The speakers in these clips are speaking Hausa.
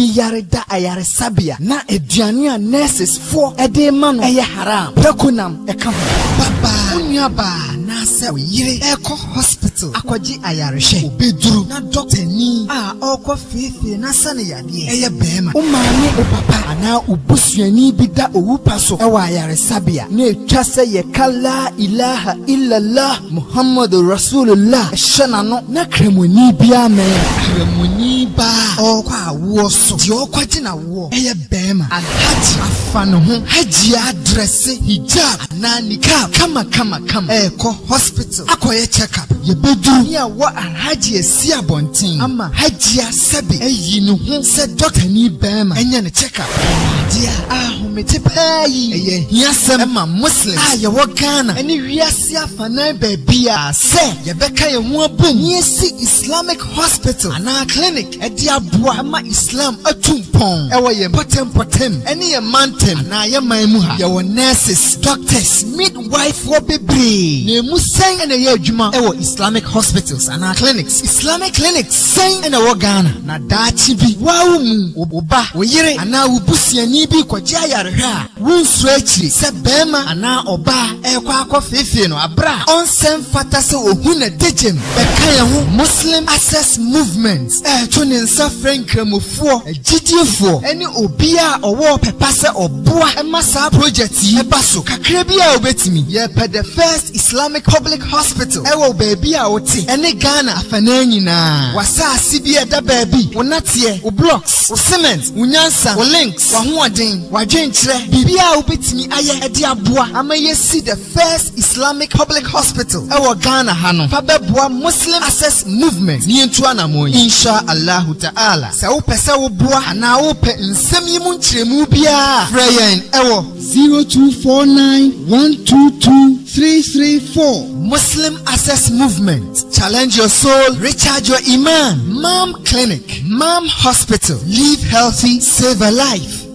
bi yare da ayaresabea na aduane a nurses foɔ ɛde ma no ɛyɛ haram dakunam ɛka ho babaa wo nua baa anaasɛ oyere ɛkɔ hospital akɔgye ayarehwɛ obeduru na doctor ni a ɔkɔ fiefie n'asa ne yadeɛ ɛyɛ bɛrima wo maame wo papa anaa wo busuani bi da owu pa so ɛwɔ ayaresabea na etwa sɛ yɛka la ilaha illallah muhammadu rasulillah ɛhyɛ n'ano na kramoni biara mɛn kramoni Ba, ɔrekɔ awoɔ so deɛ ɔrekɔ gyina awoɔ ɛyɛ bɛrima alhaji afa ne ho hajia adrɛse hijab anaa nikab kamakamakama ɛrekɔ hospital akɔyɛ check up yɛbɛduru ne a wɔ alhaji asi abɔnten ama hajia sɛbe ayi ne ho sɛ dɔkani bɛrima ɛnyɛ ne check up adeɛ a ahomete pɛɛ yi ɛyɛ hiasɛm ɛma Muslim, a yɛwɔ ghana ɛne wiase afanan baabi a sɛ yɛbɛka yɛn ho abom ne islamic hospital anaa clinic ɛde aboa ma islam atu mpɔn ɛwɔ yɛn pɔtɛmpɔtɛm ɛne yɛn mantam na yɛn man mu ha yɛwɔ nurses doctors midwife midwifoɔ bebree na emu sɛn ɛna ɛyɛ adwuma ɛwɔ islamic hospitals ana clinics islamic clinics sɛn ɛna ɛwɔ ghana na daakye bi waawo mu wo ba yere anaa wo busuani bi kɔgye ayarehwɛ a wonsuo akyiri sɛ bɛrima anaa ɔbaa e ɛrekɔ akɔ feefee no abera a ɔnsɛn fata sɛ ohu na degyem ɛka e yɛn ho muslim access movement ɛɛtɔ e ato ne nsa frɛ nkramofoɔ agyidiefoɔ ɛne obi a ɔwɔ pɛpa sɛ ɔboa ɛma saa project yi ɛba so kakra bi a obetumi yɛpɛ the first islamic public hospital ɛwɔ baabi a wote ɛne ghana afanan nyinaa wasaase bi ɛda baabi wo nateɛ wo blocks wo cement wo nyansa wo links w'ahoɔden w'adwenkyerɛ biribi a wobetumi ayɛ ɛde aboa ama yɛsi the first islamic public hospital ɛwɔ ghana ha no fa bɛboa muslim access movement ne yɛntu anammɔn inshallah Allahu ta'ala. Sɛ wopɛ sɛ woboa anaa wopɛ nsɛm yi mu nkyerɛmu biara frɛ yɛn ɛwɔ. zero two four nine one two two three three four. Muslim Access Movement challenge your soul recharge your iman. Mam Clinic Mam Hospital live healthy save a life.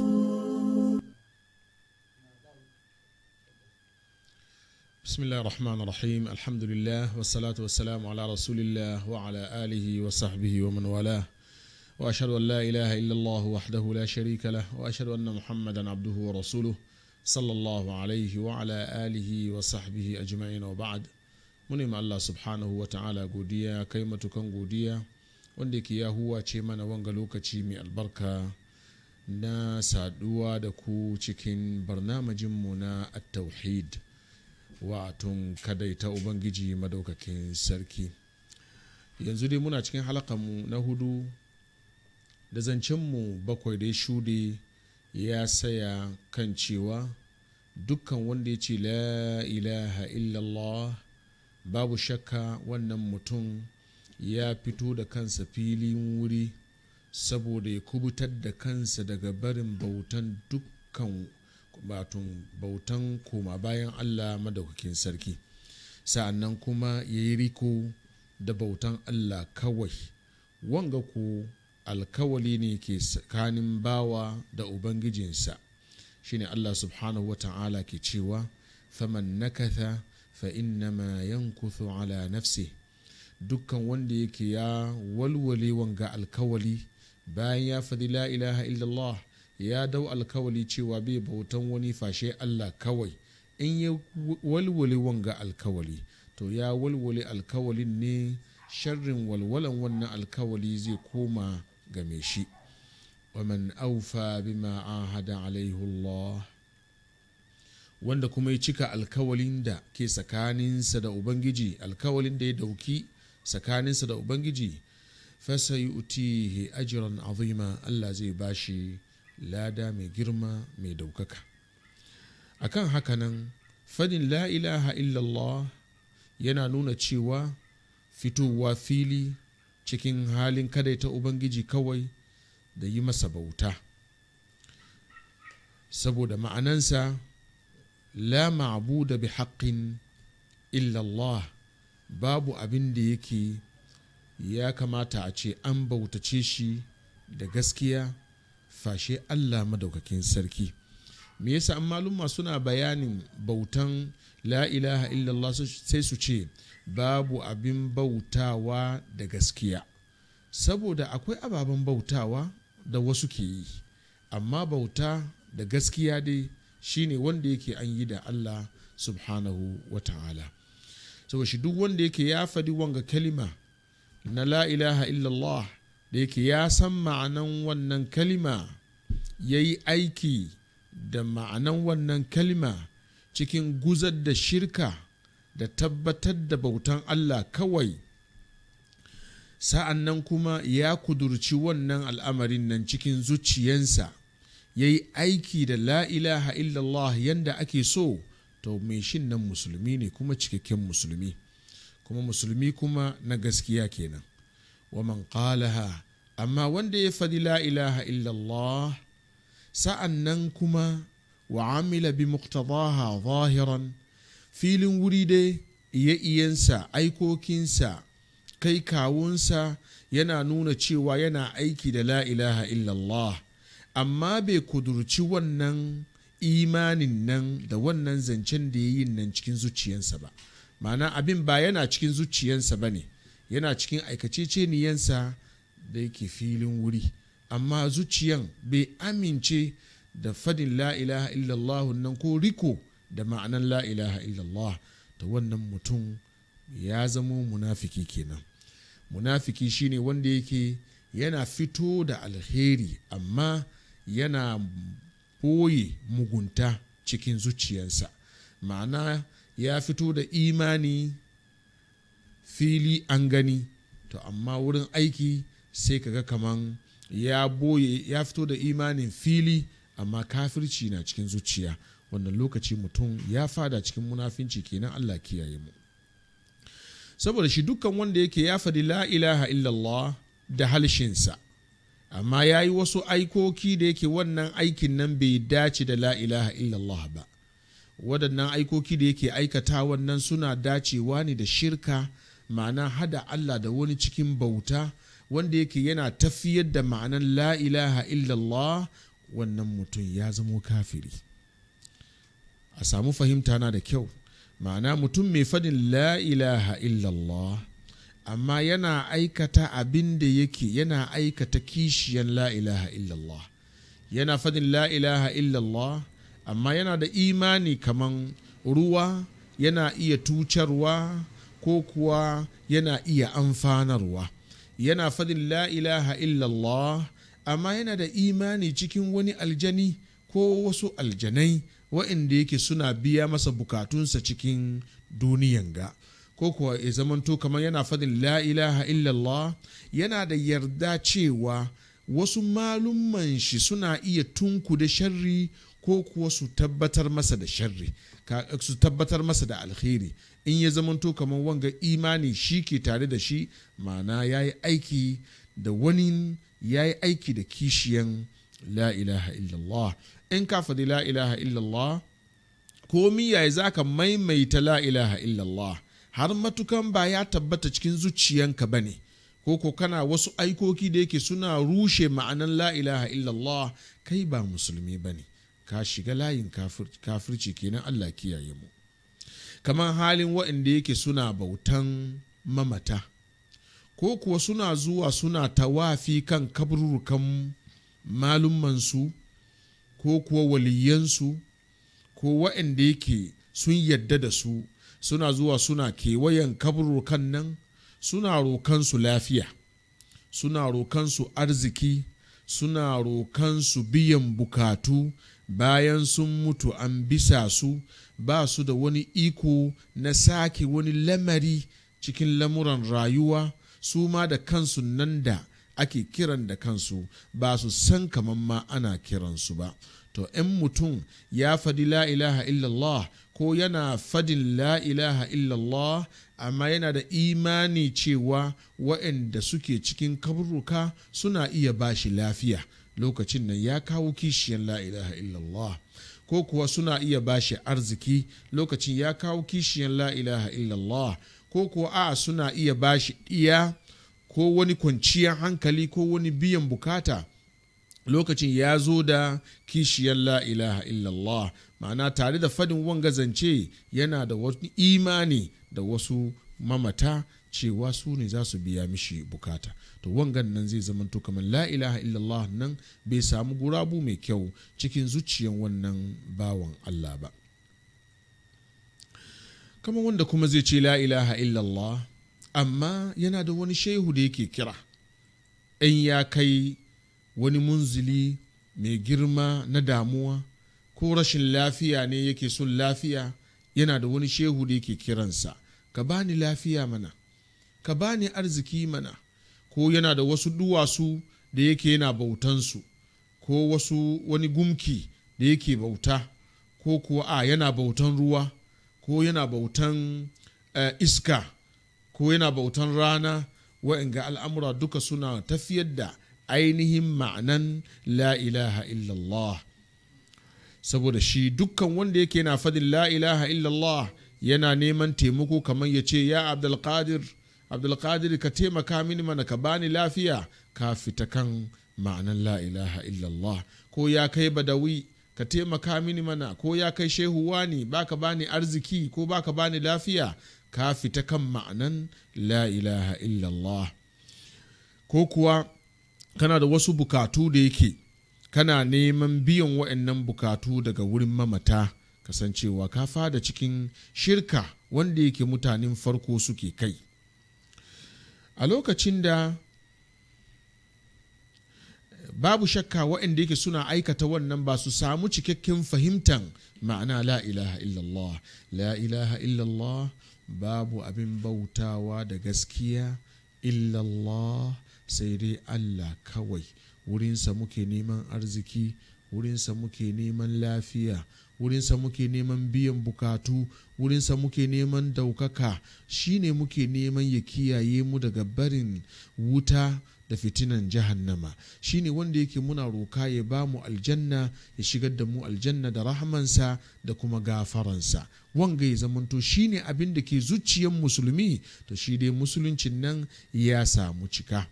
بسم الله الرحمن الرحيم الحمد لله والصلاة والسلام على رسول الله وعلى آله وصحبه ومن والاه وأشهد أن لا إله إلا الله وحده لا شريك له وأشهد أن محمدا عبده ورسوله صلى الله عليه وعلى آله وصحبه أجمعين وبعد منima الله سبحانه وتعالى قوديا godiya kai قوديا godiya يا هو ya وانقلوك mana البركة lokaci na saduwa da ku cikin barnamijinmu na at-tauhid kadai ta ubangiji madaukakin sarki yanzu dai muna cikin mu na hudu da zancen mu bakwai da ya shuɗe ya saya kan cewa dukkan wanda ya ce la ilaha illallah babu shakka wannan mutum ya fito da kansa filin wuri saboda ya kubutar da kansa daga barin bautan dukkan batun bautan koma bayan allah madaukakin sarki sa'annan kuma ya yi riko da bautan allah kawai wanga ko alkawali ne ke tsakanin bawa da ubangijinsa shine allah subhanahu ta'ala ke cewa faman nakatha fa innama yankuthu ala nafsi dukkan wanda yake ya walwale wanga alkawali bayan ya faɗi la ilaha illallah ya dau alkawali cewa bai bautan wani fashe Allah kawai in ya walwale wanga alkawali to ya walwale alkawalin ne sharrin walwalan wannan alkawali zai koma game shi waman aufa bima ahada alaihi Allah wanda kuma ya cika alkawalin da ke tsakaninsa da ubangiji alkawalin da ya dauki tsakaninsa da ubangiji fasa yi utihi ajiran azima Allah zai bashi lada mai girma mai daukaka akan nan fadin la ilaha illallah yana nuna cewa fitowa fili cikin halin kadaita ubangiji kawai da yi masa bauta saboda ma'anansa la ma'buda bi haƙƙin illallah babu abin da yake ya kamata a ce an bautace shi da gaskiya fashe allah madaukakin sarki me yasa malumma suna bayanin bautan la ilaha illallah sai su ce babu abin bautawa da gaskiya saboda akwai ababen bautawa da wasu ke yi amma bauta da gaskiya dai shine wanda yake an yi da allah subhanahu wa ta'ala saboda shi duk wanda yake ya faɗi wanga kalima na la ilaha illallah da yake ya san ma'anan wannan kalima ya yi aiki da ma'anan wannan kalima cikin guzar da shirka da tabbatar da bautan Allah kawai sa'an nan kuma ya kudurci wannan al'amarin nan cikin zuciyansa ya yi aiki da la'ilaha illallah yanda ake so to mai shin nan musulmi ne kuma cikakken musulmi kuma musulmi kuma na gaskiya kenan wa man qalaha amma wanda ya faɗi la ilaha illallah sa'an nan kuma wa amila bi muqtadaha zahiran filin wuri da iya-iyansa aikokinsa kai kawunsa yana nuna cewa yana aiki da la ilaha illallah amma bai kudurci wannan imanin nan da wannan zancen da ya yi nan cikin zuciyansa ba ma'ana abin ba yana cikin zuciyansa ba ne yana cikin aikaceceniyansa da yake filin wuri amma zuciyan bai amince da fadin la illallah nan ko riko da ma'anan la illallah ta wannan mutum ya zamo munafiki kenan munafiki shine wanda yake yana fito da alheri amma yana boye mugunta cikin zuciyansa ma'ana ya fito da imani fili an gani to amma wurin aiki sai kaga kaman ya boye ya fito da imanin fili amma kafirci na cikin zuciya wannan lokaci mutum ya fada cikin munafinci kenan Allah kiyaye mu saboda shi dukkan wanda yake ya faɗi la ilaha illallah da halshinsa amma ya yi wasu aikoki da yake wannan aikin nan bai dace da la ilaha illallah ba waɗannan aikoki da yake aikata wannan suna dacewa ne da shirka ma'ana hada Allah da wani cikin bauta wanda yake yana tafiyar da ma'anan la ilaha illallah wannan mutum ya zamo kafiri a samu fahimta na da kyau ma'ana mutum mai fadin la ilaha illallah amma yana aikata abin da yake yana aikata kishiyan la ilaha illallah yana fadin la ilaha illallah amma yana da imani kaman ruwa yana iya tucarwa ko kuwa yana iya amfanarwa yana fadin la ilaha illallah amma yana da imani cikin wani aljani ko wasu aljanai wa'inda yake suna biya masa bukatunsa cikin duniyan ga ko kuwa ya zamanto kamar yana fadin la'ilaha ilaha illallah yana da yarda cewa wasu malumman shi suna iya tunku da sharri ko kuwa su tabbatar masa da sharri su tabbatar masa da alheri. in ya zamanto kamar wanga imani shi ke tare da shi ma'ana ya yi aiki da wani ya yi aiki da kishiyan la ilaha illallah in ka faɗi la illallah ko miyaye za ka maimaita la'ilaha ilaha illallah har matukan ba ya tabbata cikin zuciyanka ba ne ko ko kana wasu aikoki da yake suna rushe ma'anan la'ilaha illallah kai ba musulmi ba ne ka shiga layin kafirci kenan allah kiyaye mu kamar halin waɗanda yake suna bautan mamata ko kuwa suna zuwa suna tawafi kan kaburukan malummansu ko kuwa waliyansu ko waɗanda yake sun yadda da su suna zuwa suna kewayen kaburukan nan suna rokansu lafiya suna rokansu arziki suna rokansu biyan bukatu bayan sun mutu an bisa su ba su da wani iko na sake wani lamari cikin lamuran rayuwa su ma da kansu nan da ake kiran da kansu ba su san kamar ma ana kiransu ba to in mutum ya fadi lailaha ilaha illallah ko yana fadin lailaha ilaha illallah amma yana da imani cewa waɗanda suke cikin kaburuka suna iya bashi lafiya lokacin nan ya kawo kishiyan lailaha illallah ko kuwa suna iya ba shi arziki lokacin ya kawo kishiyan la ilaha illallah ko kuwa a suna iya bashi iya ko wani kwanciyar hankali ko wani biyan bukata lokacin ya zo da kishiyar la ilaha illallah ma'ana tare da fadin wanga zance yana da wani imani da wasu mamata cewa su ne za su biya mishi bukata to wangan nan zai zama to kamar la ilaha illallah nan bai samu gurabu mai kyau cikin zuciyan wannan bawan Allah ba kamar wanda kuma zai ce la ilaha illallah amma yana da wani shehu da yake kira in ya kai wani munzili mai girma na damuwa ko rashin lafiya ne yake son lafiya yana da wani shehu da yake kiransa ka bani lafiya mana ka bani arziki mana ko yana da wasu duwatsu da yake yana bautansu ko wasu wani gumki da yake bauta ko kuwa a yana bautan ruwa ko yana bautan uh, iska ko yana bautan rana wa'inga al'amura duka suna tafiyar da ainihin ma'anan la ilaha illallah saboda shi dukkan wanda yake na fadin la ilaha illallah yana neman taimako kamar ya ce ya abdulkadir abdulkadir ka taimaka mini mana ka bani lafiya ka fita kan ma'anan la illallah ko ya kai badawi ka taimaka mini mana ko ya kai shehu wani baka bani arziki ko baka bani lafiya ka fita kan ma'anan la illallah ko kuwa kana da wasu bukatu da yake kana neman biyan wa'annan bukatu daga wurin mamata kasancewa ka fada cikin shirka wanda yake mutanen farko suke kai a lokacin da babu shakka waɗanda yake suna aikata wannan ba su samu cikakken fahimtan ma'ana la ilaha illallah la ilaha illallah babu abin bautawa da gaskiya illallah sai dai allah kawai wurinsa muke neman arziki wurinsa muke neman lafiya wurinsa muke neman biyan bukatu wurinsa muke neman daukaka shine muke neman ya kiyaye mu daga barin wuta da fitinan jahannama shine wanda yake muna roka ya ba mu aljanna ya shigar da mu aljanna da rahamansa da kuma gafaransa wanga ya zamanto shine abin da ke zuciyan musulmi to shi dai musuluncin nan ya samu cika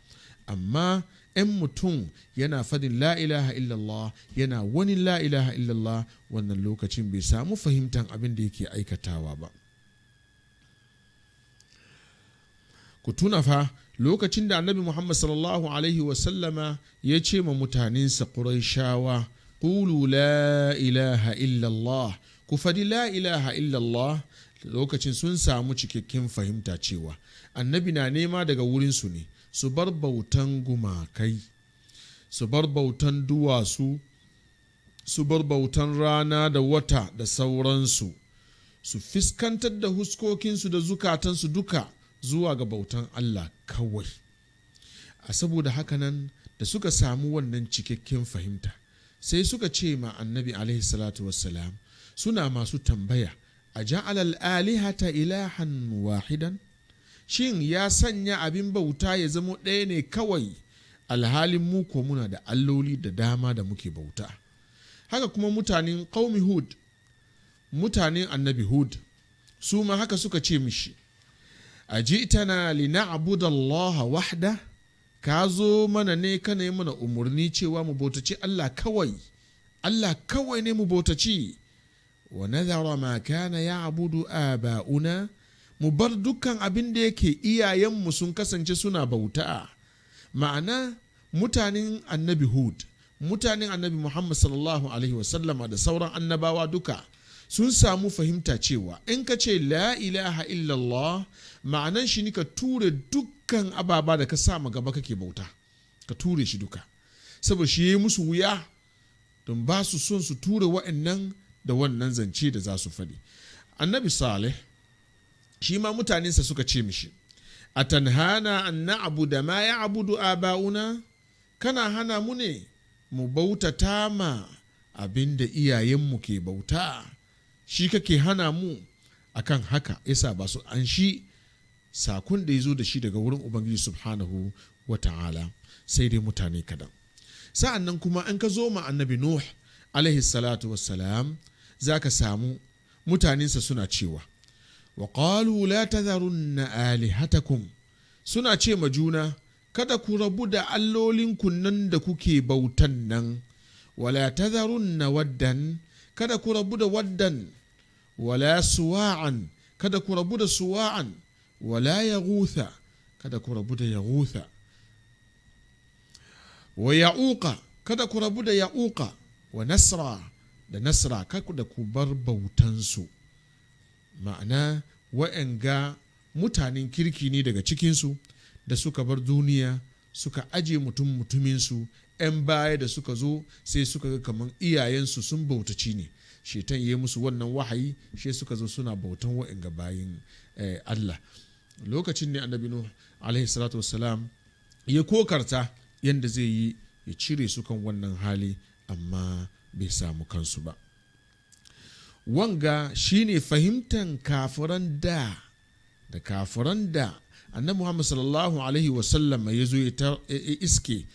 amma in mutum yana fadin la'ilaha ilaha illallah yana wani la'ilaha ilaha illallah wannan lokacin bai samu fahimtar abin da yake aikatawa ba ku tuna fa lokacin da annabi muhammad sallallahu alaihi wasallama ya ce ma mutaninsa ƙuraishawa ƙulu la illallah ku fadi la'ilaha ilaha illallah lokacin sun samu cikakken fahimta cewa annabi na nema daga wurinsu ne su bar bautan gumakai su bar bautan duwatsu su bar bautan rana da wata da sauransu su fiskantar da huskokinsu da zukatansu duka zuwa ga bautan Allah kawai a saboda hakanan da suka samu wannan cikakken fahimta sai suka ce ma annabi alaihi wassalam suna masu tambaya a ja'alal alihata ilahan wahidan shin ya sanya abin bauta ya zama ɗaya ne kawai alhalin mu ko muna da alloli da dama da muke bauta haka kuma mutanen ƙaumi hud mutanen annabi hud su ma haka suka ce mishi lina lina'budu Allah wahda ka zo mana ne kana yi mana umarni cewa mu bautaci Allah kawai Allah kawai ne mu bautaci wa nazara ma kana a ba'una? mu bar dukkan abin da yake iyayenmu sun kasance suna bauta ma'ana mutanen annabi hud mutanen annabi muhammad sallallahu alaihi wasallama da sauran annabawa duka sun samu fahimta cewa in ka ce la ilaha illallah ma'anan shi ne ka ture dukkan ababa da ka sa gaba kake bauta ka ture shi duka saboda shi ya yi musu wuya don ba su son su ture wa'annan da wannan zance da za su faɗi annabi saleh shi ma mutanensa suka ce mishi a tanhana an Abu da ma ya abudu aba'una kana hana mu ne mu ta ma abin da iyayenmu ke bauta shi kake hana mu a kan haka yasa ba su an shi sakun da ya zo da shi daga wurin ubangiji subhanahu wa ta'ala sai dai mutane kadan sa'an nan kuma an ka zo ma annabi nuh alaihi salatu wassalam za ka samu mutanensa suna cewa wa qalu la tazarunna alihatakum suna ce ma juna kada ku rabu da allolinku nan da kuke bautan nan wala na waddan kada ku rabu da waddan wala suwa'an kada ku rabu da suwa'an wala gutha kada ku rabu da ya gutha wa ya'uqa kada ku rabu da ya'uqa wa nasra da nasra kada ku bar bautansu ma'ana waɗanga mutanen kirki ne daga cikinsu da suka bar duniya suka aje mutum mutuminsu 'yan baya da suka zo sai suka ga kamar iyayensu sun bautaci ne shetan ya musu wannan wahayi shi suka zo suna bautan ga bayin eh, Allah lokacin ne annabi Nuh alaihi salatu wassalam ya kokarta yadda zai yi ya cire su kan wannan hali amma bai samu kansu ba wanga shine fahimtan kafiran da da kafiran da annabi muhammad sallallahu alaihi wasallam ya zo ya iske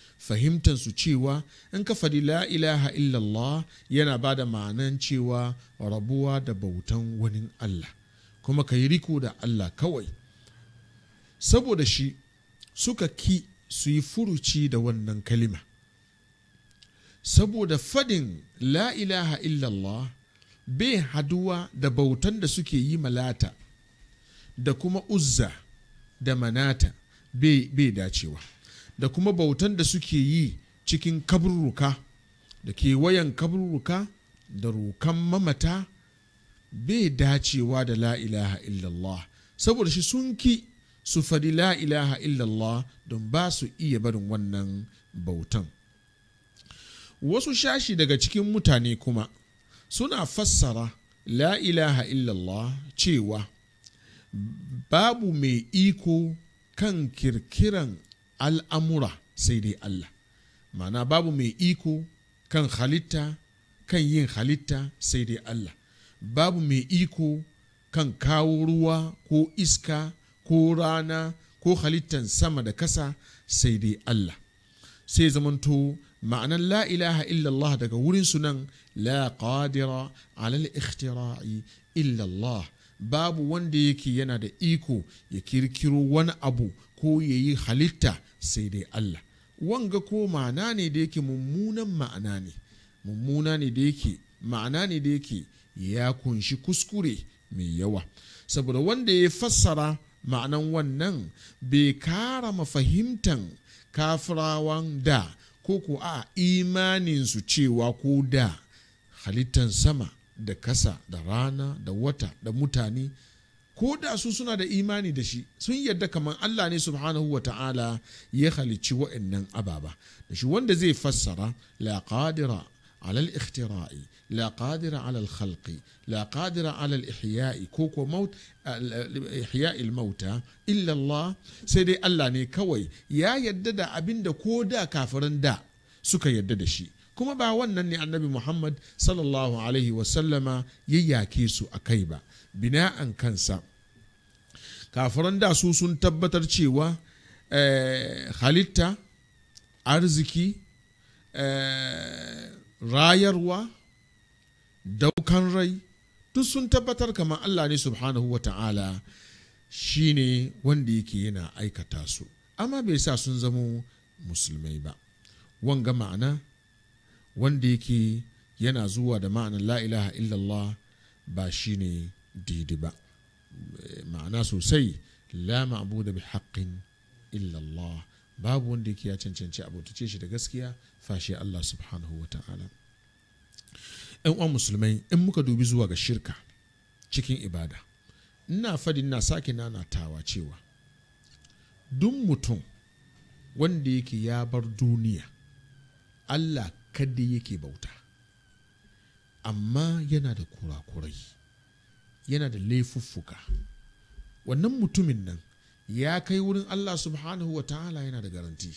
su cewa in ka faɗi la ilaha illallah yana ba da ma'anan cewa rabuwa da bautan wani allah kuma ka yi riko da allah kawai saboda shi suka ki su yi furuci da wannan kalima saboda faɗin la ilaha illallah bai haduwa da bautan da suke yi malata da kuma uzza da manata bai dacewa da kuma bautan da suke yi cikin kaburruka da kewayen kaburruka da rukan mamata bai dacewa da la illallah saboda shi sun ki su fadi la ilaha illallah don ba su iya barin wannan bautan wasu shashi daga cikin mutane kuma suna fassara la ilaha illallah cewa babu mai iko kan kirkiran al'amura sai dai Allah mana babu mai iko kan halitta kan yin halitta sai dai Allah babu mai iko kan kawo ruwa ko iska ko rana ko halittan sama da kasa sai dai Allah sai zamanto ma'anar la ilaha illallah daga wurin sunan la qadira alal ikhtira'i illallah babu wanda yake yana da iko ya kirkiro wani abu ko ya yi halitta sai dai Allah wanga ko ma'ana ne da yake mummunan ma'ana ne mummuna ne da yake ma'ana ne da yake ya kunshi kuskure mai yawa saboda wanda ya fassara ma'anan wannan bai kara mafahimtan kafirawan da ko ko a imaninsu cewa ko da halittan sama da kasa da rana da wata da mutane ko da su suna da imani da shi sun yarda kamar Allah ne subhanahu wa ta'ala ya halicci wa'annan ababa da shi wanda zai fassara la qadira alal ikhtira'i la qadira ala al-khalqi la qadira ala ko ko maut ihya'i al-mauta illa sai dai Allah ne kawai ya yadda da abinda ko da kafirin da suka yadda da shi kuma ba wannan ne annabi Muhammad sallallahu alaihi wa sallama ya su a kai ba bina'an kansa kafiran da su sun tabbatar cewa halitta arziki rayarwa daukan rai duk sun tabbatar kamar Allah ne subhanahu wa ta'ala shi ne wanda yake yana aikata su amma bai sa sun zamo musulmai ba wanga ma'ana wanda yake yana zuwa da ma'anar lailaha ilaha illallah ba shi ne didi ba ma'ana sosai la ma'buda bi haqqin illallah babu wanda yake ya cancanci abutace shi da gaskiya fashe Allah subhanahu wa ta'ala 'yan uwan musulmai in muka dubi zuwa ga shirka cikin ibada ina fadi na sake nanatawa cewa duk mutum wanda yake ya bar duniya allah kadda yake bauta amma yana da kurakurai yana da laifuffuka wannan mutumin nan ya kai wurin allah subhanahu wa ta'ala yana da garanti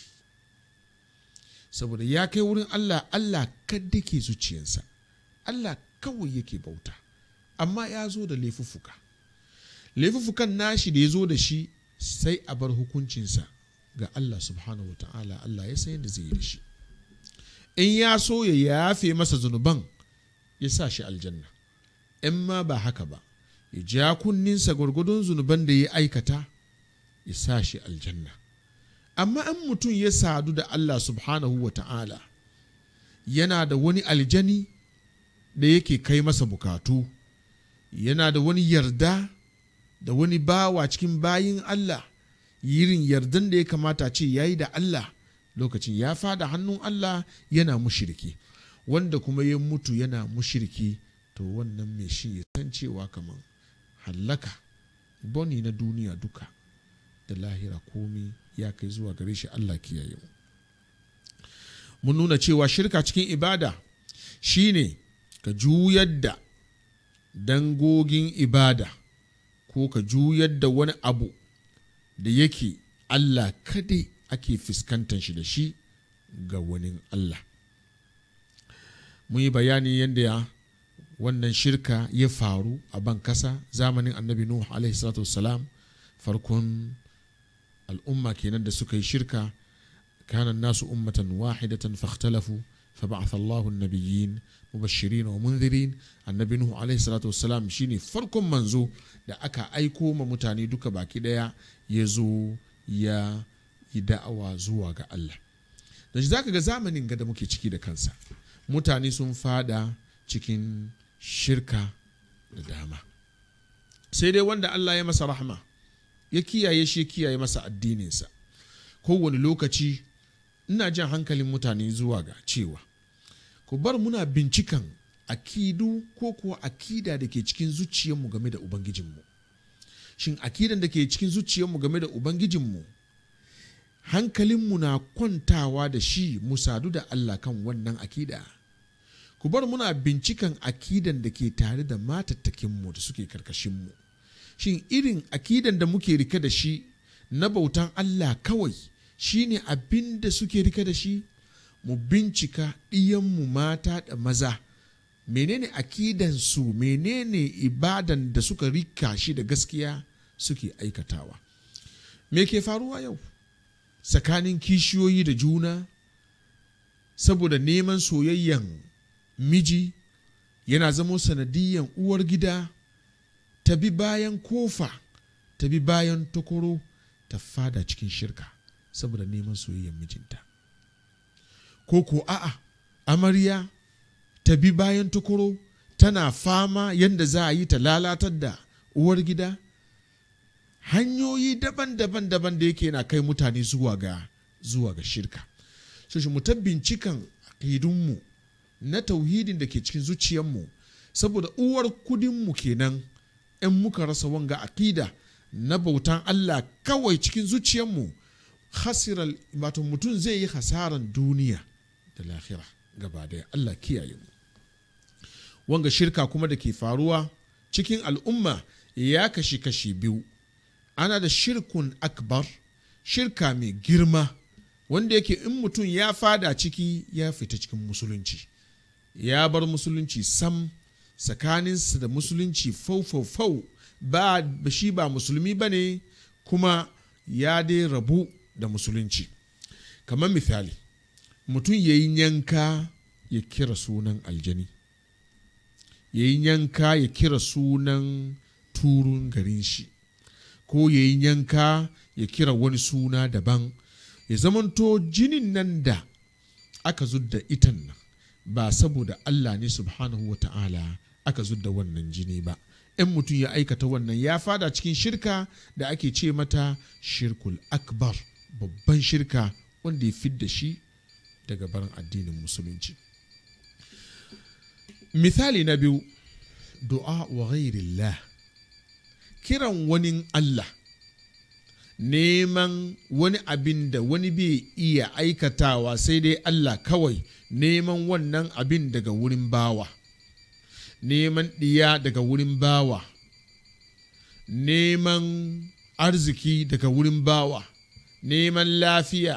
saboda ya kai wurin allah allah kadda ke zuciyarsa Allah kawai yake bauta amma ya zo da laifuffuka laifuffukan nashi da ya zo da shi sai a bar hukuncinsa ga Allah subhanahu wa ta'ala Allah ya san yadda zai yi da shi in ya so ya yafe masa zunuban ya sa shi aljanna in ma ba haka ba ya ja kunninsa gwargwadon zunuban da ya aikata ya sa shi aljanna amma in mutum ya sadu da Allah subhanahu wa ta'ala yana da wani aljani da yake kai masa bukatu yana da wani yarda da wani bawa cikin bayin Allah yirin yardan da ya kamata ce ya yi da Allah lokacin ya fada hannun Allah yana mushiriki wanda kuma ya mutu yana mushiriki to wannan mai shi ya san cewa kamar hallaka boni na duniya duka da lahira komi ya kai zuwa gare shi Allah kiyaye mu mun nuna cewa shirka cikin ibada shine ka juyar da dangogin ibada ko ka juyar da wani abu da yake Allah kadai ake fuskantar shi da shi ga wani Allah mun yi bayani yadda wannan shirka ya faru a ban kasa zamanin annabi nuhu alaihi salatu wassalam farkon al'umma kenan da suka yi shirka كان الناس أمة واحدة فاختلفوا فبعث الله النبيين mubashirin wa mundirin annabi nuhu alaihi salatu wassalam shine farkon manzo da aka aiko ma mutane duka baki daya ya zo ya yi da'awa zuwa ga Allah da shi zaka ga zamanin ga da muke ciki da kansa mutane sun fada cikin shirka da dama sai dai wanda Allah ya masa rahma ya kiyaye shi kiyaye masa addininsa kowane lokaci ina jan hankalin mutane zuwa ga cewa ku bar muna bincikan akidu ko kuwa akida da ke cikin zuciyarmu game da ubangijinmu shin akidan da ke cikin zuciyarmu game da ubangijinmu hankalinmu na kwantawa da shi mu sadu da allah kan wannan akida ku bar muna bincikan akidan da ke tare da matattakinmu da suke karkashinmu shin irin akidan da muke rike da shi na bautan allah kawai shine abin da suke rike da shi mu bincika ɗiyanmu mata da maza menene akidansu menene ibadan da suka rika shi da gaskiya suke aikatawa me ke faruwa yau tsakanin kishiyoyi da juna saboda neman soyayyan miji yana zamo sanadiyan uwar gida ta bi bayan kofa ta bi bayan takoro ta fada cikin shirka saboda neman soyayyan mijinta ko ko a'a amarya ta bi bayan tukuro tana fama yadda za a yi ta lalatar da uwar gida hanyoyi daban-daban daban da yake na kai mutane zuwa ga zuwa ga shirka so shi bincikan hidinmu na tauhidin da ke cikin zuciyarmu saboda uwar kudinmu kenan in muka rasa wanga akida na bautan Allah kawai cikin zuciyarmu hasiral mutum zai yi hasaran duniya da lahira gaba daya Allah kiyaye mu wanga shirka kuma da ke faruwa cikin al'umma ya kashi kashi biyu ana da shirkun akbar shirka mai girma wanda yake in mutum ya fada ciki ya fita cikin musulunci ya bar musulunci sam tsakaninsa da musulunci fau-fau-fau ba shi ba musulmi ba ne kuma ya dai rabu da musulunci kamar misali mutum ya yi yanka ya kira sunan aljani ya yi yanka ya kira sunan turun garin shi ko ya yi yanka ya kira wani suna daban ya zamanto jinin nan da aka zudda itan nan ba saboda Allah ne subhanahu wa ta'ala aka zudda wannan jini ba in mutum ya aikata wannan ya fada cikin shirka da ake ce mata shirkul akbar babban shirka wanda ya fidda shi daga barin addinin musulunci misali na biyu du'a wa ghairillah kiran wani Allah neman wani abin da wani bai iya aikatawa sai dai Allah kawai neman wannan abin daga wurin bawa neman ɗiya daga wurin bawa neman arziki daga wurin bawa neman lafiya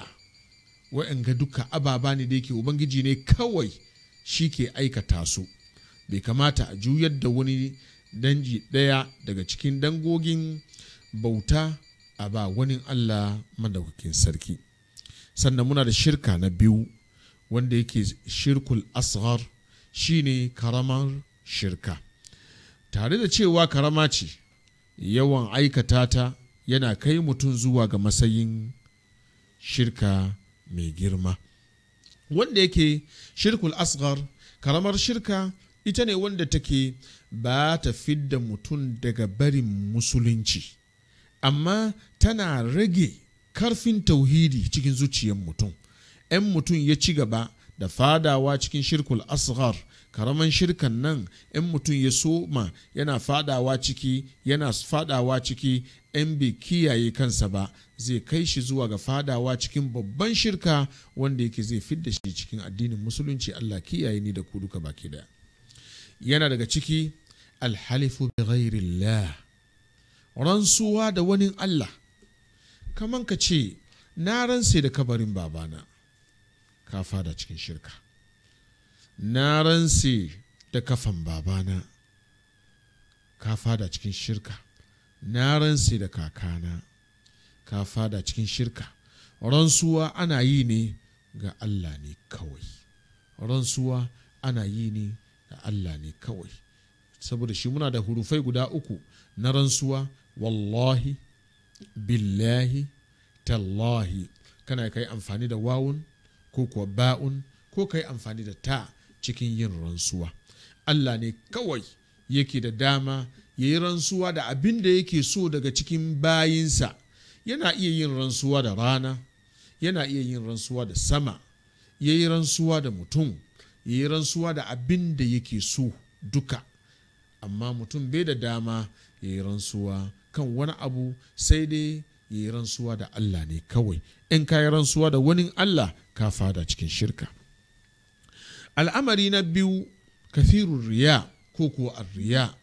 wa'anga duka ababa ne da yake ubangiji ne kawai shi ke aikata su bai kamata a juyar da wani danji ɗaya daga cikin dangogin bauta a ba wani allah madaukakin sarki sannan muna da shirka na biyu wanda yake shirkul asghar shine karamar shirka tare da cewa karama ce yawan aikata ta yana kai mutum zuwa ga matsayin shirka mai girma wanda yake shirkul asgar karamar shirka ita ne wanda take ba ta fidda mutum daga barin musulunci amma tana rage karfin tauhidi cikin zuciyar mutum 'yan mutum ya ci gaba da fadawa cikin shirkul asgar karaman shirkan nan yan mutum ya soma yana fadawa ciki yana fadawa ciki yan bai kiyaye kansa ba zai kai shi zuwa ga fadawa cikin babban shirka wanda yake zai fidda shi cikin addinin musulunci Allah kiyaye ni da ku duka baki daya yana daga ciki alhalifu bi ghairillah da wani Allah kaman ka ce na ransa da kabarin babana ka fada cikin shirka na ransi da kafan babana ka fada cikin shirka na ransi da kakana ka fada cikin shirka ransuwa ana yi ne ga Allah ne kawai ransuwa ana yi ne ga Allah ne kawai saboda shi muna da hurufai guda uku na ransuwa wallahi billahi tallahi kana kai amfani da wawun ko kuwa ba'un ko kai amfani da ta cikin yin rantsuwa Allah ne kawai yake da dama ya yi rantsuwa da abin da yake so daga cikin bayinsa yana iya yin rantsuwa da rana yana iya yin rantsuwa da sama ya yi rantsuwa da mutum ya yi rantsuwa da abin da yake so duka amma mutum bai da dama ya yi rantsuwa kan wani abu sai dai ya yi rantsuwa da Allah ne kawai in ka yi rantsuwa da wani Allah ka fada cikin shirka. al'amari na biyu kafirun riya ko kuwa arriya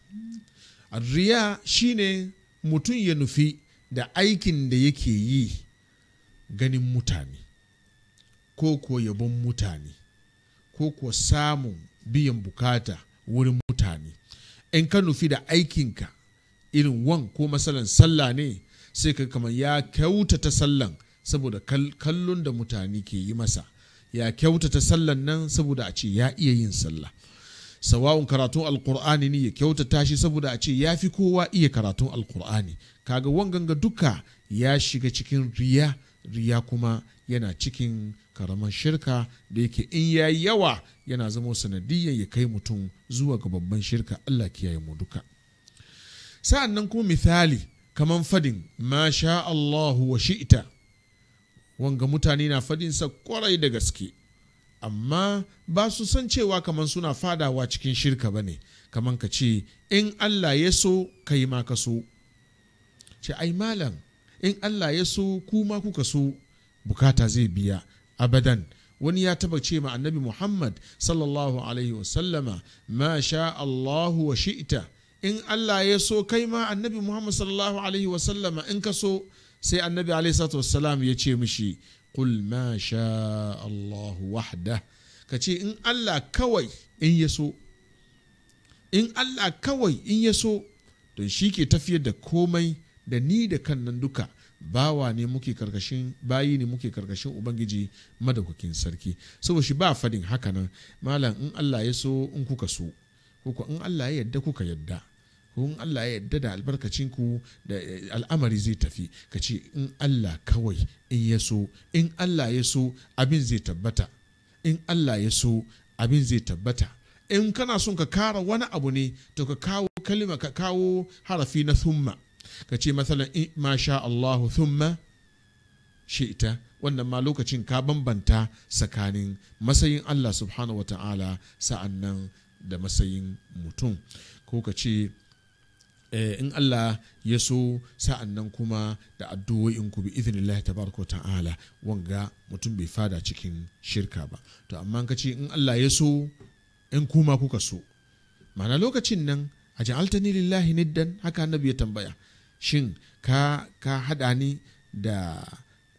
arriya shine mutum ya nufi da aikin da yake yi ganin mutane ko kuwa yabon mutane ko kuwa samun biyan bukata wurin mutane in ka nufi da aikinka irin wan ko matsalan sallah ne sai ka kamar ya kyautata sallan saboda kallon da mutane ke yi masa ya kyautata sallan nan saboda a ce ya iya yin sallah sawa'un karatun alkur'ani ne ya kyautata shi saboda a ce ya fi kowa iya karatun alkur'ani kaga wanganga duka ya shiga cikin riya riya kuma yana cikin karamar shirka da yake in ya yi yawa yana zama sanadiyya ya kai mutum zuwa ga babban shirka Allah kiyaye mu duka sa'annan nan kuma misali kamar fadin ma Allahu wa shi'ita wanga mutane na fadinsa kwarai da gaske amma ba su san cewa kamar suna fadawa cikin shirka ba ne kamar ka ce in allah ya so ka yi ma so ce ai malam in allah ya so kuma kuka so bukata zai biya abadan wani ya taba ce ma annabi muhammad sallallahu alaihi wasallama ma sha allahu wa shi'ita in allah ya so kai ma annabi muhammad sallallahu alaihi wasallama in ka so sai annabi alaihi salatu ya ce mishi qul ma sha Allah wahda ka ce in Allah kawai in ya so in Allah kawai in ya so don shi ke tafiyar da komai da ni da kan nan duka bawa ne muke karkashin bayi ne muke karkashin ubangiji madaukakin sarki saboda shi ba fadin haka nan malam in Allah ya so in kuka so kuka in Allah ya yadda kuka yadda in Allah ya yarda da albarkacin ku da eh, al'amari zai tafi ka ce in Allah kawai in ya so in Allah ya so abin zai tabbata in Allah ya so abin zai tabbata in kana son ka kara wani abu ne to ka kawo kalima ka kawo harafi na thumma ka ce matsalan ma sha Allahu thumma ita wannan ma lokacin ka bambanta tsakanin matsayin Allah subhanahu wa ta'ala sa'annan da masayin mutum ko ka ce Eh, in Allah ya so sa'an nan kuma da addu'o'in ku bi ta barko ta'ala wanga mutum bai fada cikin shirka ba to amma ka ce in Allah ya so in kuma kuka so mana lokacin nan a altani lillahi niddan haka annabi ya tambaya shin ka ka hada ni da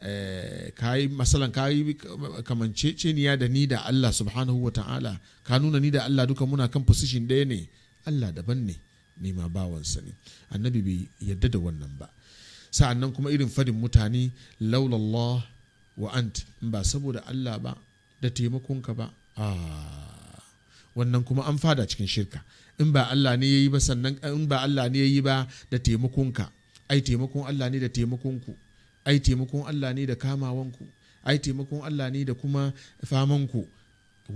eh, ka yi masalan kamance kamanceceniya da ni da Allah subhanahu wa ta'ala ka nuna ni da Allah duka muna kan position ɗaya ne Allah daban ne nima bawansa ne annabi bai yadda da wannan ba sa'annan kuma irin fadin mutane laulallah wa ant ba saboda Allah ba da taimakonka ba ah. wannan kuma an fada cikin shirka in ba Allah ne ya ba sannan in ba Allah ne ba da taimakonka ai taimakon Allah ne da taimakonku ai taimakon Allah ne da kamawanku ai taimakon Allah ne da kuma famanku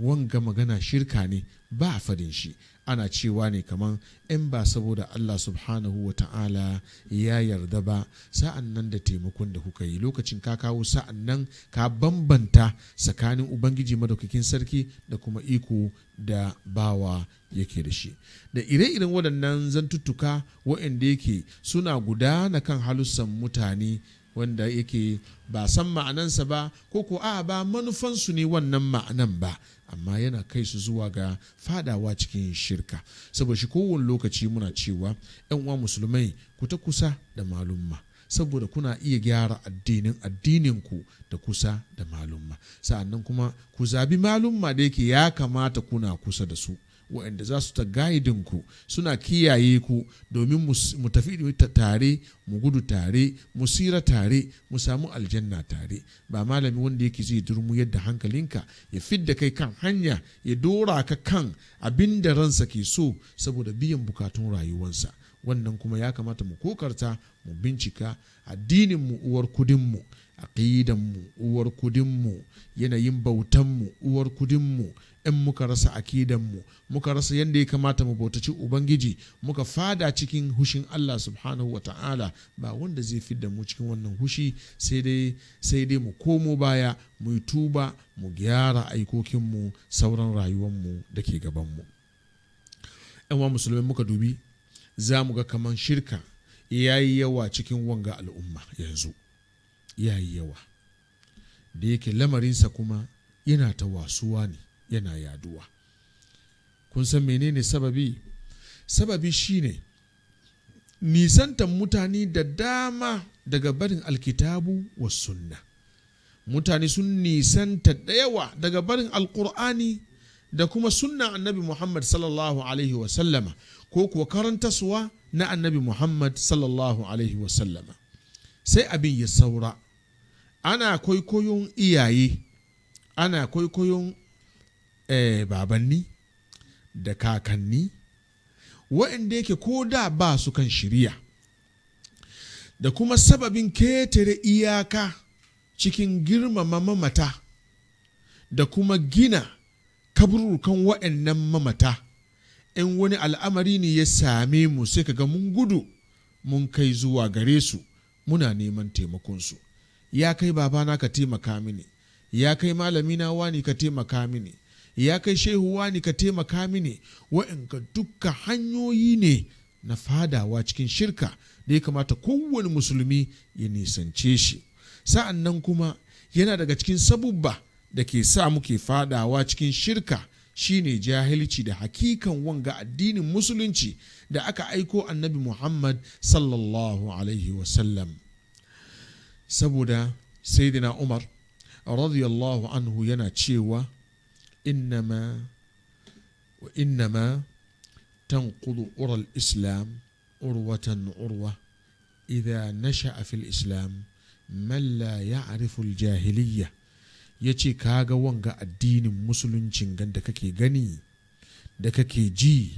wanga magana shirka ne ba fadin shi ana cewa ne kaman in ba saboda Allah subhanahu wa ta'ala ya yarda ba sa'an nan da taimakon da kuka yi lokacin ka kawo sa'an nan ka bambanta tsakanin ubangiji madaukakin sarki da kuma iko da bawa yake da shi da ire-iren waɗannan zantuttuka waɗanda yake suna gudana kan halussan mutane wanda yake ba san ma'anansa ba ko ko a ba manufansu ne wannan ma'anan ba amma yana kai su zuwa ga fadawa cikin shirka saboda shi kowane lokaci muna cewa 'yan uwa musulmai ku ta kusa da malumma saboda kuna iya gyara addinin addininku da kusa da malumma sa'annan kuma ku zabi malumma da yake ya kamata kuna kusa da su waɗanda za su ta ku suna kiyaye ku domin mu tafi tare mu gudu tare mu sira tare mu samu aljanna tare ba malami wanda yake zai durmu yadda hankalinka ya fidda kai kan hanya ya dora ka kan abin da ransa ke so saboda biyan bukatun rayuwarsa wannan kuma ya kamata mu kokarta mu bincika addinin mu uwar kudinmu aqidanmu uwar kudinmu yanayin bautanmu uwar kudinmu in muka rasa mu muka rasa yadda ya kamata mu bautaci ubangiji muka fada cikin hushin Allah subhanahu wa ta'ala ba wanda zai fidda mu cikin wannan hushi sai dai mu komo baya mu yi tuba mu gyara aikokinmu sauran rayuwanmu da ke gabanmu yan musulmi muka dubi za mu ga kaman shirka ya yi yawa cikin wanga al'umma yanzu ya yi yawa da yake lamarinsa kuma yana ta wasuwa ne yana yaduwa kun san menene sababi sababi shine nisantan mutane da dama daga barin alkitabu wa sunna mutane sun nisanta da yawa daga barin alkur'ani da kuma sunna annabi muhammad sallallahu alaihi wasallama ko kuwa karantaswa na annabi muhammad sallallahu alaihi wasallama sai abin ya saura ana kwaikwayon iyaye ana kwaikwayon eh, babanni da kakanni waɗanda yake ko da ba su kan shirya da kuma sababin ketare iyaka cikin girmama mamata da kuma gina kaburukan waɗannan mamata in wani al'amari ne ya same mu sai ka mun gudu mun kai zuwa gare su muna neman taimakonsu ya kai babana ka taimaka mini ya kai malamina wani ka taimaka mini ya kai shehuwa ni ka taimaka mini wa'inka dukka hanyoyi ne na fadawa cikin shirka da ya kamata kowane musulmi ya nisance shi sa'an nan kuma yana daga cikin sabubba da ke sa muke fadawa cikin shirka shine jahilci da hakikan wanga addinin musulunci da aka aiko annabi muhammad sallallahu alaihi wasallam saboda sayyidina umar radiyallahu anhu yana cewa إنما وإنما تنقض أرى الإسلام أروة أروة إذا نشأ في الإسلام من لا يعرف الجاهلية يتي كاغا وانغا الدين مسلم چنغن دكاكي غني دكاكي جي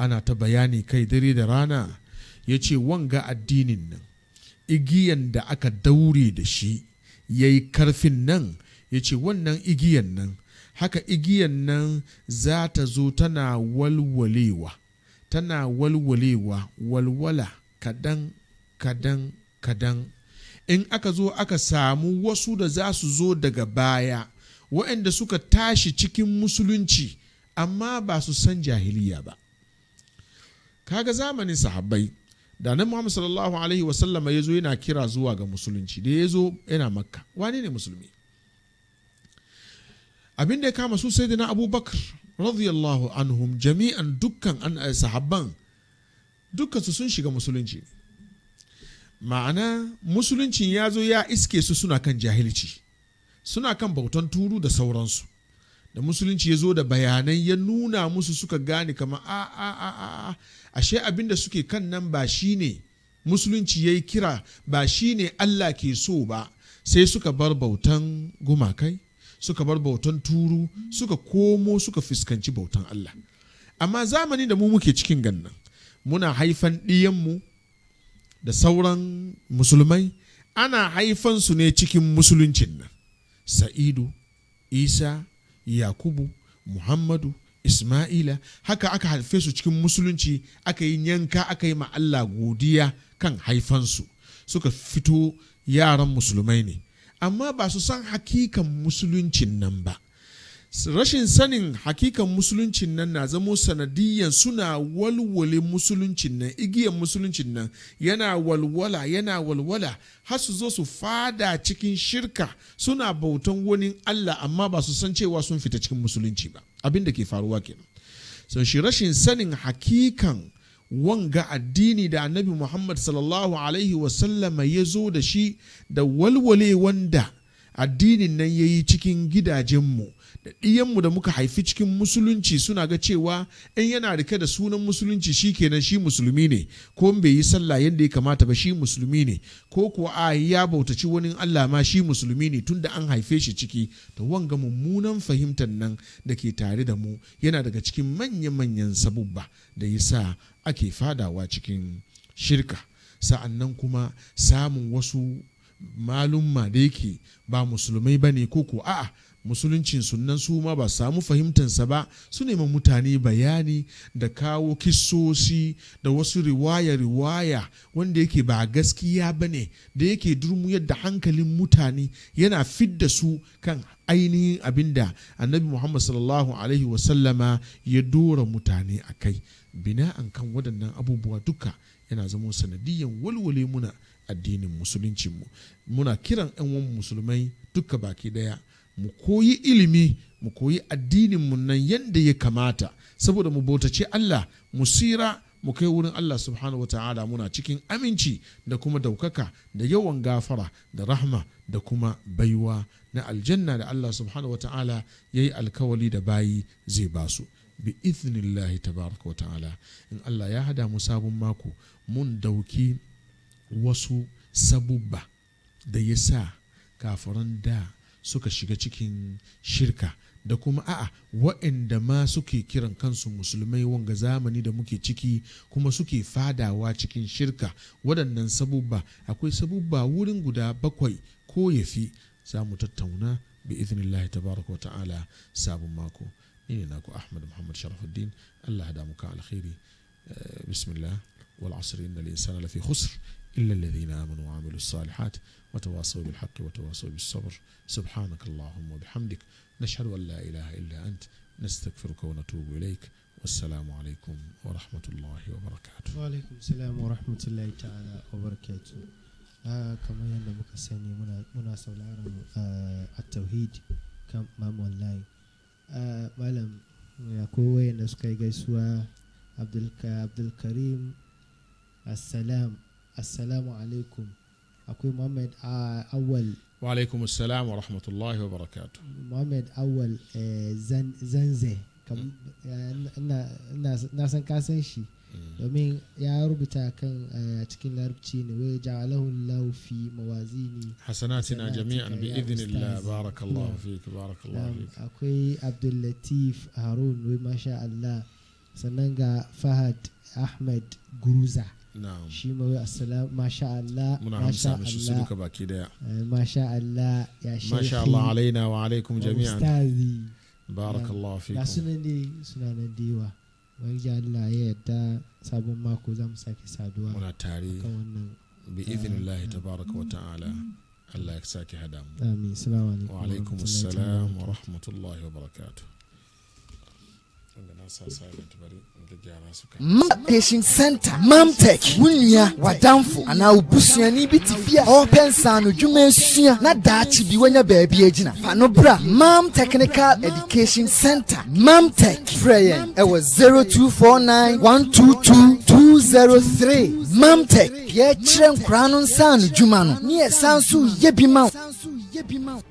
أنا تبياني كي دري درانا يتي وانغا الدين igiyan da aka دوري دشي shi ya yi karfin nan ya ce haka igiyan nan za ta zo tana walwalewa tana walwalewa walwala kadan kadan kadan in aka zo aka samu wasu da za su zo daga baya waɗanda suka tashi cikin musulunci amma ba su san jahiliya ba kaga zamanin sahabbai da nan muhammad sallallahu alaihi wasallama ya zo yana kira zuwa ga musulunci da ya zo yana makka wani ne musulmi abin da ya kama su sai da na abubakar radiyallahu anhum jami'an dukkan an eh, sahabban dukkan su sun shiga musulunci ma'ana musuluncin ya zo ya iske su suna kan jahilci suna kan bautan turu da sauransu da musulunci ya zo da bayanan ya nuna musu suka gane kama a a a a ashe abin da suke kan nan ba shi ne musulunci ya yi kira ba shi ne Allah ke so ba sai suka bar bautan gumakai suka bar bautan turu suka komo suka fuskanci bautan Allah amma zamanin da mu muke cikin gannan muna haifan ɗiyanmu da sauran musulmai ana haifan su ne cikin musuluncin nan sa'idu isa yakubu muhammadu Ismaila haka aka haife su cikin musulunci aka yi yanka aka yi ma Allah godiya kan haifan su suka fito yaran musulmai ne amma ba su san hakikan musuluncin nan ba rashin sanin hakikan musuluncin nan na zamo sanadiyan suna walwale musuluncin nan igiyar musuluncin nan yana walwala yana walwala har su zo su fada cikin shirka suna bautan wani Allah amma ba su san cewa sun fita cikin musulunci ba abinda ke faruwa kenan so shi rashin sanin hakikan wanga addini da annabi muhammad sallallahu alaihi wasallama ya zo da shi da walwale wanda addinin nan ya yi cikin gidajenmu da ɗiyanmu da muka haifi cikin musulunci suna ga cewa in yana rike da sunan musulunci shi kenan shi musulmi ne ko bai yi sallah yadda ya kamata ba shi musulmi ne ko kuwa a ya bautaci wani Allah ma shi musulmi ne tunda an haife shi ciki to wanga mummunan fahimtar nan da ke tare da mu yana daga cikin manya-manyan sabubba da ya sa ake fadawa cikin shirka sa'annan kuma samun wasu malumma da yake ba musulmai ba ne ko a a'a musuluncin sunan su ma ba samu fahimtansa ba su neman mutane bayani da kawo kisosi da wasu riwaya-riwaya wanda yake ba gaskiya ba ne da yake durmu yadda hankalin mutane yana fidda su kan ainihin abinda annabi muhammad sallallahu alaihi wasallama ya dora mutane a kai bina an kan waɗannan abubuwa duka yana zama sanadiyan walwale muna addinin mu muna kiran 'yan musulmai duka baki daya mu koyi ilimi mu koyi addinin mu nan yadda ya kamata saboda mu bautace Allah mu sira mu kai wurin Allah subhanahu wa ta'ala muna cikin aminci da kuma daukaka da yawan gafara da rahma da kuma baiwa na aljanna da Allah subhanahu wa ta'ala ya yi alkawali da bayi zai basu bi iznillahi tabaraka wa ta'ala in Allah ya hada mu sabon mako mun dauki wasu sabubba da ya sa kafiran da suka shiga cikin shirka da kuma a'a waɗanda ma suke kiran kansu musulmai wanga zamani da muke ciki kuma suke fadawa cikin shirka waɗannan sabubba akwai sabubba wurin guda bakwai ko ya fi za mu tattauna bi iznillahi tabaraka wa ta'ala sabon mako ni ne naku ahmad muhammad sharafuddin allah da muka alkhairi eh, bismillah wal asr insana lafi khusr إلا الذين آمنوا وعملوا الصالحات وتواصوا بالحق وتواصوا بالصبر سبحانك اللهم وبحمدك نشهد أن لا إله إلا أنت نستغفرك ونتوب إليك والسلام عليكم ورحمة الله وبركاته وعليكم السلام ورحمة الله تعالى وبركاته آه كما يندم كساني مناسب العرب آه التوحيد كم مام أونلاين آه مالم يكوي نسكي جيسوا عبد الكريم السلام assalamu alaikum akwai muhammad awal ah, wa alaikum assalam wa rahmatullahi wa barakatu muhammad awal eh, zanze hmm. eh, na san ka shi hmm. domin ya rubuta kan eh, cikin larabci ne wai ja'alahu lahu fi mawazini hasanatina jami'an bi idhnillah barakallahu hmm. fik barakallahu fik akwai abdul latif harun wai masha Allah sannan ga fahad ahmed guruza shi mawai assalam masha Allah muna hamsa mishi su duka baki daya masha Allah ya shi masha Allah alaina wa alaikum jami'an ustazi barakallahu fikum ga sunan ne suna nan dewa wani ji Allah ya yadda sabon mako za mu sake saduwa muna tare kan wannan bi idhnillahi tabaraka wa ta'ala Allah ya sake hada mu amin assalamu alaikum wa alaikum assalam wa rahmatullahi wa barakatuh patient center mamtech wo nua wadamfo anaa obusuani bi te fi a ɔrepɛ nsan no dwuma asua na daakye bi wanya baabi agyina mam technical education center mamtech frɛ yɛn ɛwɔ 0249 122 203 mamtech yɛkyerɛ nkoraa no nsan no dwuma no ne yɛsan so yɛ bi ma wo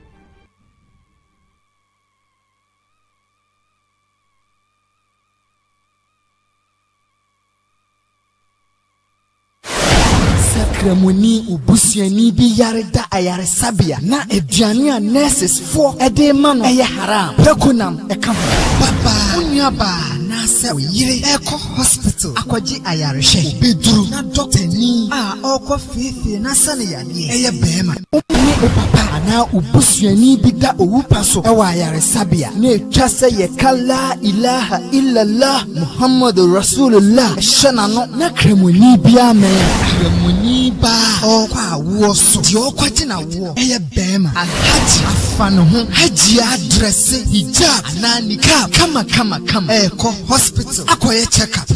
kremoni obusuani bi yare da ayaresabea na aduane a nurses foɔ ɛde ma no ɛyɛ haram pekonam ɛka ho babaa onuabaa anaasɛ oyere ɛkɔ hospital akɔgye ayarehwɛ obeduru na dɔktani a ɔkɔ fiefie na sɛne yadeɛ ɛyɛ bɛrima wopene wo papa anaa obusuani bi da owu pa so ɛwɔ ayaresabea na ɛtwa sɛ yɛka la ilaha illallah muhammadu rasulullah ɛhyɛ n'ano na kramoni biara mɛn kramoni baa ɔkɔ awoɔ so Di deɛ ɔkɔgye n'awoɔ ɛyɛ bɛrima alhaji afa ne ho hajia adrɛse hijab anaa nikab kamakama kam ɛɛkɔ hospital akɔyɛ check up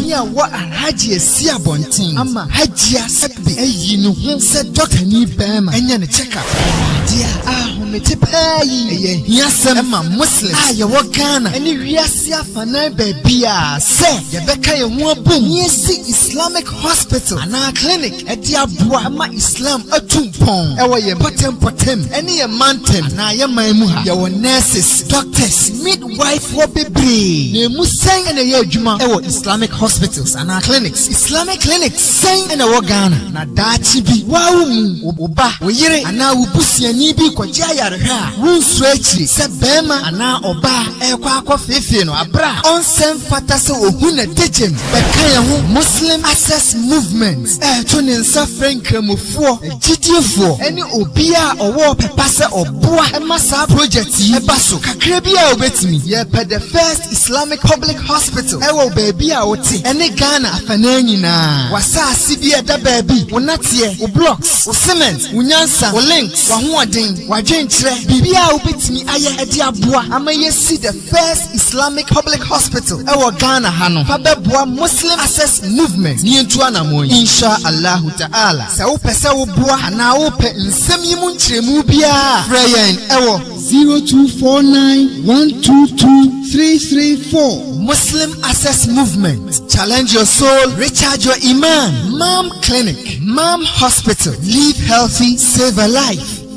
Ni a àwọ alhaji esi abɔnten ama hajia septic ɛyi ne ho sɛ dɔkita ni bɛrima ɛnyɛ ne check up adeɛ aho mete paa yi ɛyɛ hiasɛm ma muslims a yɛwɔ ghana ɛne wiase afanan baabi a sɛ yɛbɛka yɛn ho abom ne yɛsi islamic hospital anaa clinic ɛde aboa ma islam atum pɔn ɛwɔ yɛn pɔtɛmpɔtɛm ɛne yɛn mantam anaa yɛn man mu ha yɛwɔ nurses doctors midwife bebree na emu sɛn ɛna ɛyɛ adwuma ɛwɔ islamic hospitals anaa clinics islamic clinics sɛn ɛna ɛwɔ ghana na daakye bi waawu mu wo ba wo yere anaa wo busuani bi kɔgye ayarehwɛ a wunsu akyiri sɛ bɛrima anaa ɔbaa ɛrekɔ akɔ fiefie no abira ɔnsɛn fata sɛ ohu na degyem bɛka yɛn ho muslim access movement ɛɛto ne nsa frɛ nkramofoɔ agyidiefoɔ ɛne obiara ɔwɔ pɛpa sɛ ɔboa ɛma saa project yi ɛba so kakra bi a obetumi yɛpɛ the first islamic public hospital ɛwɔ baabi a wɔte ɛne ghana afanan nyinaa wasaase bi ɛda baabi wɔnateɛ wɔ blocks wɔ cement wɔ nyansa wɔ links wɔ ahoɔden wɔ adwen nkyerɛ biribi a wobɛtumi ayɛ ɛde aboa ama yɛsi the first islamic public hospital ɛwɔ ghana ha no fabɛboa muslim access movement ne yɛntu anammɔn yi inshallahu ta'ala sɛ wopɛ sɛ woboa anaa wopɛ nsɛm yi mu nkyerɛmu biara frɛ yɛn ɛwɔ 0249 122 334 muslim access movement challenge your soul recharge your iman Mam clinic mam hospital live healthy save a life